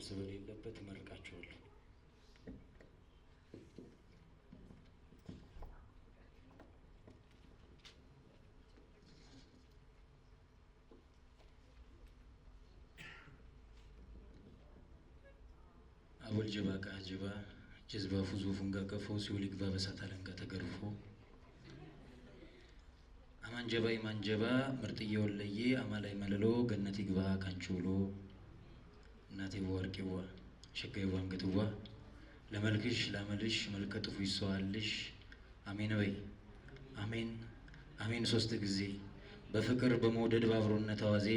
ቁርስ በሌለበት እመርቃችኋለሁ። አወል ጀባ ቃ ጀባ ጀዝባ ፉዞ ፉንጋ ቀፎ ሲውል ግባ በሳት አለንጋ ተገርፎ አማን ጀባ ይማን ጀባ ወለዬ አማላይ መለሎ ገነት ይግባ ካንቾሎ እናቴ በወርቅ እናቴዋ ወርቄዋ ሸጋይዋ አንገትዋ ለመልክሽ ላመልሽ መልከ ጥፉ ይሰዋልሽ አሜን በይ አሜን አሜን ሶስት ጊዜ በፍቅር በመውደድ በአብሮነት አዋዜ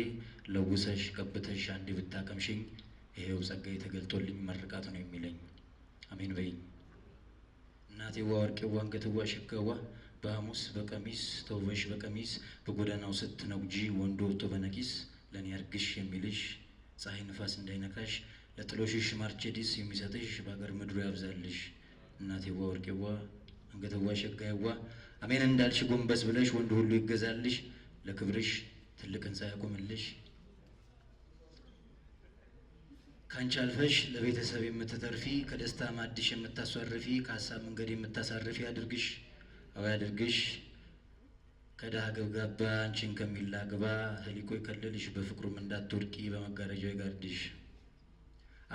ለውሰሽ ቀብተሽ አንዴ ብታቀምሽኝ ይሄው ጸጋ የተገልጦልኝ መርቃት ነው የሚለኝ አሜን በይኝ እናቴዋ ወርቄዋ አንገትዋ ሸጋዋ በሐሙስ በቀሚስ ተውበሽ በቀሚስ በጎዳናው ስትነጉጂ ወንዶ ወጥቶ በነቂስ ለእኔ አርግሽ የሚልሽ ፀሐይ ንፋስ እንዳይነካሽ ለጥሎሽሽ ማርቼዲስ የሚሰጥሽ በሀገር ምድሩ ያብዛልሽ እናቴዋ ወርቄዋ አንገተዋ ሸጋይዋ አሜን እንዳልሽ ጎንበስ ብለሽ ወንድ ሁሉ ይገዛልሽ ለክብርሽ ትልቅ ህንፃ ያቁምልሽ ከአንቺ አልፈሽ ለቤተሰብ የምትተርፊ ከደስታ ማድሽ የምታስዋርፊ ከሀሳብ መንገድ የምታሳርፊ አድርግሽ አባ አድርግሽ ከድሃ ገብጋባ አንቺን ከሚላ ግባ ህሊቆ የከልልሽ በፍቅሩም እንዳትወድቂ በመጋረጃ ይጋርድሽ።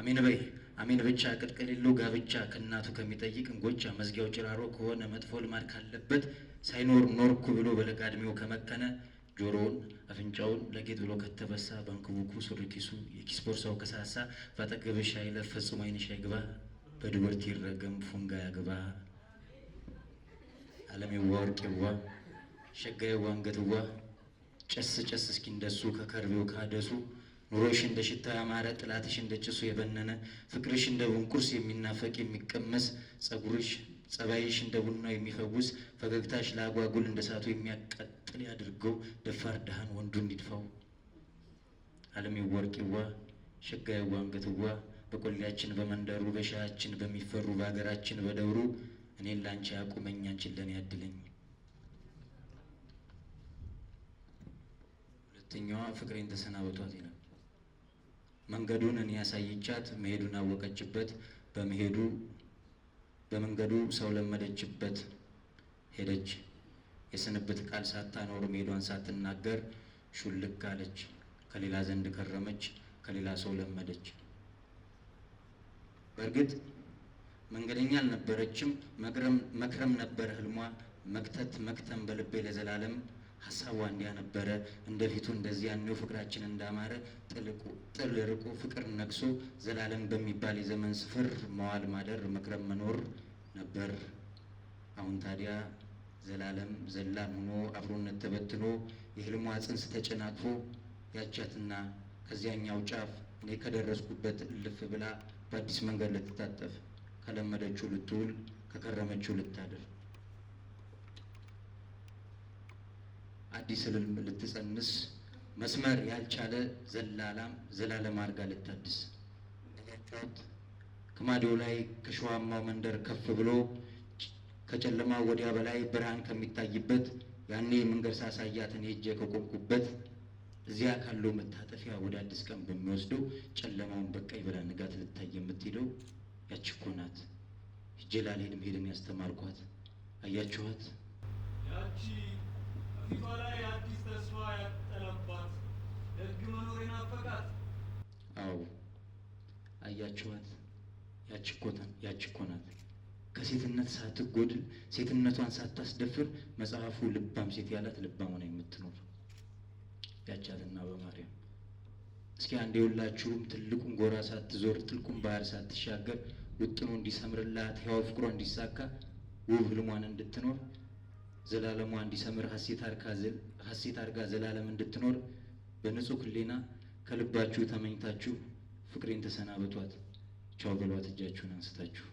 አሜን በይ አሜን ብቻ ቅጥ ከሌለው ጋብቻ ከእናቱ ከሚጠይቅ እንጎቻ መዝጊያው ጭራሮ ከሆነ መጥፎ ልማድ ካለበት ሳይኖር ኖርኩ ብሎ በለጋ እድሜው ከመከነ ጆሮውን አፍንጫውን ለጌጥ ብሎ ከተበሳ በንክቡኩ ሱሪ ኪሱ የኪስ ቦርሳው ከሳሳ በጠገበሻ አይለፍ ፈጽሞ አይንሽ አይግባ በድወርት ይረገም ፉንጋ ያግባ አለም ወርቅ ይዋ ሸጋዬ አንገትዋ ጨስ ጨስ እስኪ እንደሱ ከከርቤው ካደሱ ኑሮሽ እንደ ሽታ ያማረ ጥላትሽ እንደ ጭሱ የበነነ ፍቅርሽ እንደ ቡንቁርስ የሚናፈቅ የሚቀመስ ጸጉርሽ ጸባይሽ እንደ ቡናው የሚፈውስ ፈገግታሽ ለአጓጉል እንደ ሳቱ የሚያቃጥል ያድርገው ደፋር ድሃን ወንዱ እንዲድፋው። አለሜ ወርቅዋ ሸጋዬ አንገትዋ በቆሌያችን በመንደሩ በሻያችን በሚፈሩ በሀገራችን በደብሩ እኔን ላንቺ ያቁመኝ አንቺን ለኔ ያድለኝ። ሁለተኛዋ ፍቅሬን ተሰናበቷት ይላል። መንገዱን እኔ ያሳየቻት መሄዱን አወቀችበት፣ በመሄዱ በመንገዱ ሰው ለመደችበት ሄደች። የስንብት ቃል ሳታኖር መሄዷን ሳትናገር ሹልክ አለች። ከሌላ ዘንድ ከረመች፣ ከሌላ ሰው ለመደች። በእርግጥ መንገደኛ አልነበረችም። መክረም ነበር ህልሟ መክተት መክተም በልቤ ለዘላለም ሀሳቧ እንዲያነበረ እንደ እንደፊቱ እንደዚያ ነው ፍቅራችን እንዳማረ ጥል ርቆ ፍቅር ነቅሶ ዘላለም በሚባል የዘመን ስፍር መዋል ማደር መክረም መኖር ነበር። አሁን ታዲያ ዘላለም ዘላን ሆኖ አብሮነት ተበትኖ የህልሟ ጽንስ ተጨናቅፎ ያቻትና ከዚያኛው ጫፍ እኔ ከደረስኩበት እልፍ ብላ በአዲስ መንገድ ልትታጠፍ ከለመደችው ልትውል ከከረመችው ልታደር አዲስ እልም ልትጸንስ መስመር ያልቻለ ዘላላም ዘላለም አድርጋ ልታድስ ት ከማዲው ላይ ከሸዋማው መንደር ከፍ ብሎ ከጨለማ ወዲያ በላይ ብርሃን ከሚታይበት ያኔ መንገድ ሳሳያትን ሄጄ ከቆምኩበት እዚያ ካለው መታጠፊያ ወደ አዲስ ቀን በሚወስደው ጨለማውን በቀይ ብላ ንጋት ልታይ የምትሄደው ያቺ እኮ ናት። ሄጄ ላልሄድም ያስተማርኳት አያችኋት ያቺ ፊቷ ላይ አዲስ ተስፋ ያጠለባት ደግ መኖር አዎ አያችኋት፣ ያችኮታን ያችኮናት ከሴትነት ሳትጎድል ሴትነቷን ሳታስደፍር መጽሐፉ ልባም ሴት ያላት ልባም ሆና የምትኖር ያቻትና በማርያም እስኪ አንድ ሁላችሁም ትልቁን ጎራ ሳትዞር ጥልቁን ባህር ሳትሻገር ውጥኖ እንዲሰምርላት ሕያው ፍቅሯ እንዲሳካ ውብ ህልሟን እንድትኖር ዘላለሟ እንዲሰምር ሀሴት አርጋ ዘላለም እንድትኖር በንጹህ ሕሊና ከልባችሁ ተመኝታችሁ ፍቅሬን ተሰናብቷት ቻው ብሏት እጃችሁን አንስታችሁ